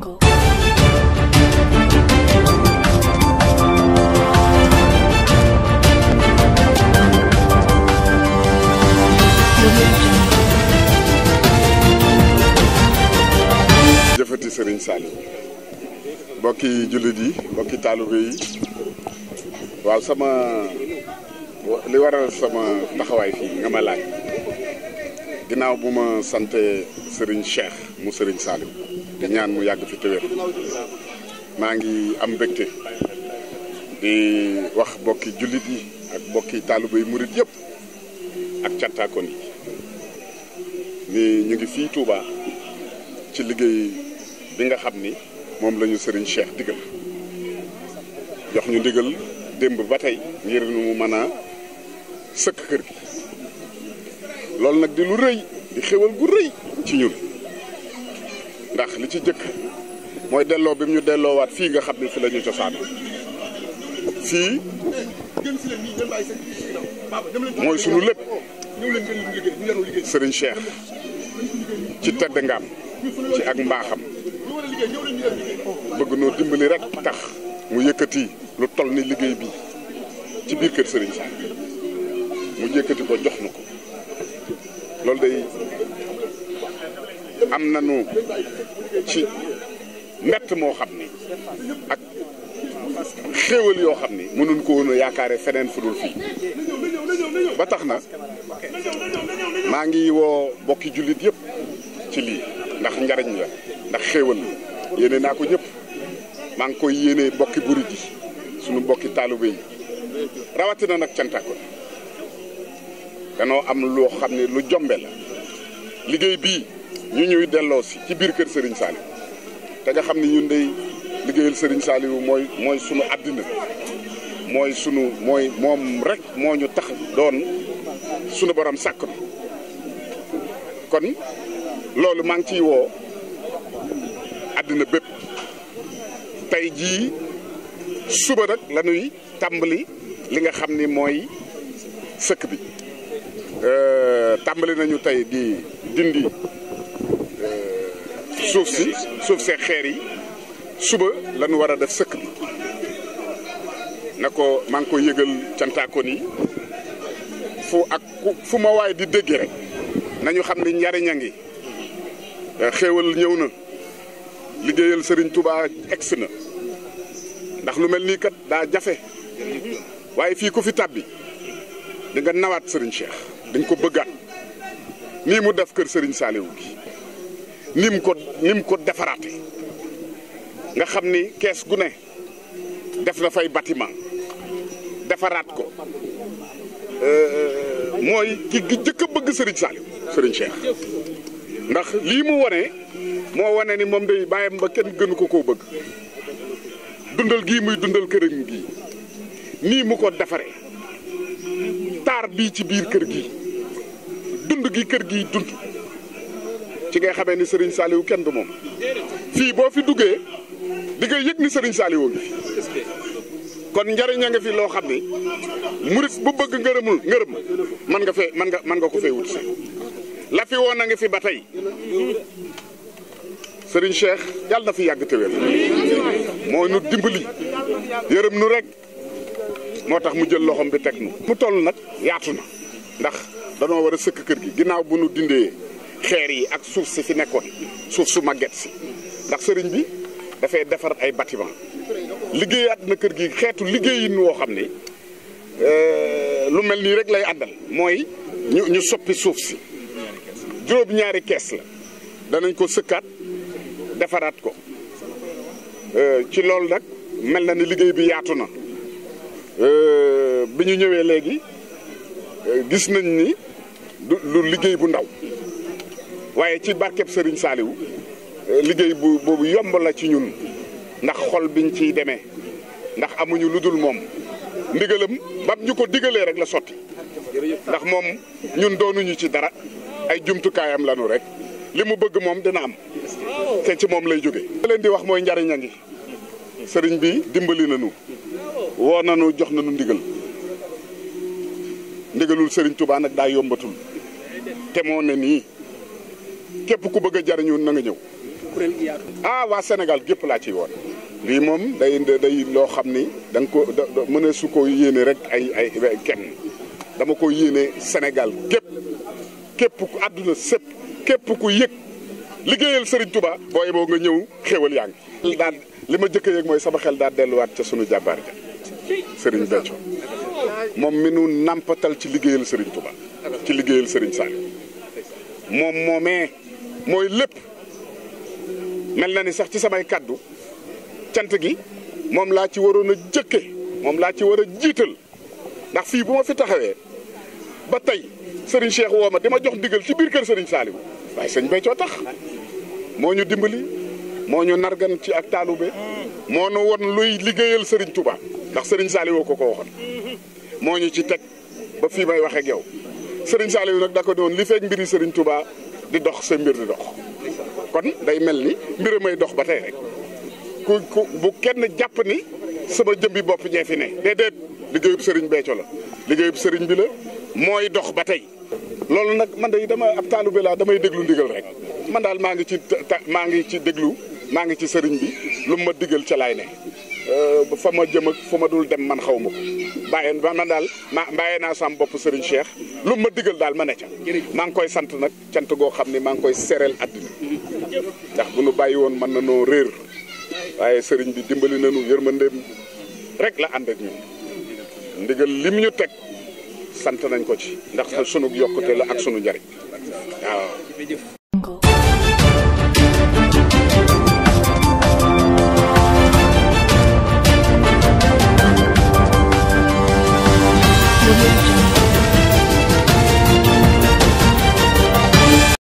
Jungle. jëfati Serigne Saliou mbokki jullit yi mbokki taalibe yi waaw sama li waral sama taxawaay fii nga ma laaj ginnaaw bu ma sante Serigne Cheikh mu sëriñ Saliou di ñaan mu yàgg fi téwér maa ngi am mbégte di wax bokki jullit yi ak bokki taaliba yi murit yëpp ak cattaakoon yi ni ñu ngi fii Touba ci liggéey bi nga xam ni moom lañu sëriñ Serigne Cheikh jox ñu digal démb ba tey ngir nu mu mën a sëkk kër gi loolu nag di lu rëy di xéwal gu rëy ci ñun ndax li ci jëkk mooy delloo bi mu ñu delloowaat fii nga xam ne fi la ñu cosaan fii mooy sunu lépp Serigne Cheikh ci tedd ngaam ci ak mbaaxam bëgg noo dimbali rek tax mu yëkkati lu toll ni liggéey bi ci biir kër sëriñ Cheikh mu yëkkati ko jox mu ko loolu day am na nañu ci mbett moo xam ni ak xéewal yoo xam ni mënuñ ko woon a yaakaare feneen fu dul fii ba tax na maa ngi woo bokki jullit yépp ci lii ndax njariñ la ndax xéewal la naa ko ñëpp maa ngi koy yéene bokki burit yi suñu bokki taalibe rawatina nag cantakon danoo am loo xam ne lu jombe la liggéey bii ñu ñuy delloo si ci biir kër sëriñ saali te nga xam ne ñun day liggéeyal Serigne Saliou mooy mooy sunu àddina mooy sunu mooy moom rekk moo ñu tax doon sunu borom sàkk na kon loolu maa ngi ciy woo àddina bépp tey jii suba nag la tàmbali li nga xam ni mooy sëkk bi euh, tàmbali nañu tey di dindi suuf si suuf see xeer yi suba la war a def sëkk bi na ko maa ko yëgal cantaakoon yi fu ak fu ma waay di dégg rek nañu xam ni njariñ a ngi eh, xéewal ñëw na liggéeyal sëriñ Touba egsi na ndax lu mel nii kat daa jafe waaye fii ku fi tàbbi di nga nawaat sëriñ Cheikh di nga ko bëggaat nii mu def kër sëriñ Saliou gi ni mu ko ni mu ko defaraate nga xam ni kees gu ne def na fay bâtiment defaraat ko euh, mooy ki gi jëkk a bëgg sëriñ Saliou Serigne Cheikh ndax lii mu wane moo wane ni moom day bàyyam ba kenn gënu ko koo bëgg dundal gi muy dundal këram gii nii mu ko defaree taar bii ci biir kër gi dund gi kër gi dund ci ngay xamee ni Serigne Saliou kenn du moom fii boo fi duggee di nga yëg ni sëriñ Saliou ngi kon njariñ a nga fi loo xam ni murit bu bëgg ngërëmul ngërëm man nga fee man nga man nga ko fee wut si la fi fi ba tey sëriñ Cheikh yàlla na fi yàgg te wér moo nu dimbali yërëm nu rek moo tax mu jël loxoom bi teg nu mu toll nag yaatu na ndax danoo war a sëkk kër gi ginnaaw bu nu dindee xeer yi ak suuf si fi nekkoon suuf su màgget si ndax sëriñ bi dafay defar ay batiment liggéeyaat na kër gi xeetu liggéeyin woo xam ne euh, lu mel nii rek lay àndal mooy ñu ñu soppi suuf si juróom-ñaari kees la danañ ko sëkkaat defaraat ko euh, ci loolu nag mel na ni liggéey bi yaatu na euh, bi ñu ñëwee léegi gis nañ ni du lu liggéey bu ndaw waaye ci barkeb Serigne saaliw liggéey bu boobu yomb la ci ñun ndax xol biñ ciy demee ndax amuñu lu dul moom ndigalam bam ñu ko digalee rek la sotti ndax moom ñun doonuñu ci dara ay jumtukaayam lanu rek li mu bëgg moom dina am te ci moom lay jóge leen di wax mooy njariñ a ngi sëriñ bi dimbali nañu woo nañu jox nañu ndigal ndigalul sëriñ tubaan nag daa yombatul te moo ne nii képp ku bëgg a jariñu na nga ñëw. ah waa Sénégal gépp laa ciy woon. lii moom day day loo xam ni danga ko da mën a su ko yéene rek ay ay kenn dama ko yéene senegal gépp képp ku àdduna sëpp képp ku yëg liggéeyal Serigne Touba. booy boo nga ñëw xéwal yaa ngi. daal li ma jëkk yëg mooy sama xel daal delluwaat ca suñu jàmbaar ja Serigne Béthio moom mi nu nampatal ci liggéeyal Serigne Touba ci liggéeyal sëriñ Saliou. moom moomee mooy lépp mel na ni sax ci samay kàddu cant gi moom laa ci waroon a jëkke moom laa ci war a jiital ndax fii bu ma fi taxawee ba tey Serigne Cheikh woo ma di ma jox ndigal ci biir kër Serigne Saliou waaye sëñ coo tax moo ñu dimbali moo ñu nargan ci ak taalube moo nu won luy liggéeyal Serigne Touba ndax sëriñ Saliou ko ko waxoon moo ñu ci teg ba fii may wax ak yow. Serigne Saliou nag da ko ne woon li fekk mbiri Serigne tubaa di dox sa mbir di dox kon day mel ni mbir may dox ba tey rek ku ku bu kenn jàpp ni sama jëmbi bopp ñee fi ne déedéet liggéeyub Serigne Béthio la liggéeyub sëriñ bi la mooy dox ba tey loolu nag man day dama ab taalibe laa damay déglu ndigal rek man daal maa ngi ci maa ngi ci déglu maa ngi ci sëriñ bi lu ma digal ca laay ne euh, fa ma jëm ak fa ma dul dem man xaw ma ko bàyyeen man daal ma bàyyee naa sam sëriñ Cheikh lu ma digal daal ma ne ca maa ngi koy sant nag cant goo xam ne maa ngi koy sereel àddina ndax bu nu bàyyi woon mën na noo réer waaye sëriñ bi dimbali nañu yërmandeem rek la ànd ak ñun ndigal lim ñu teg sant nañ ko ci ndax sunu yokkute la ak sunu njariñ waaw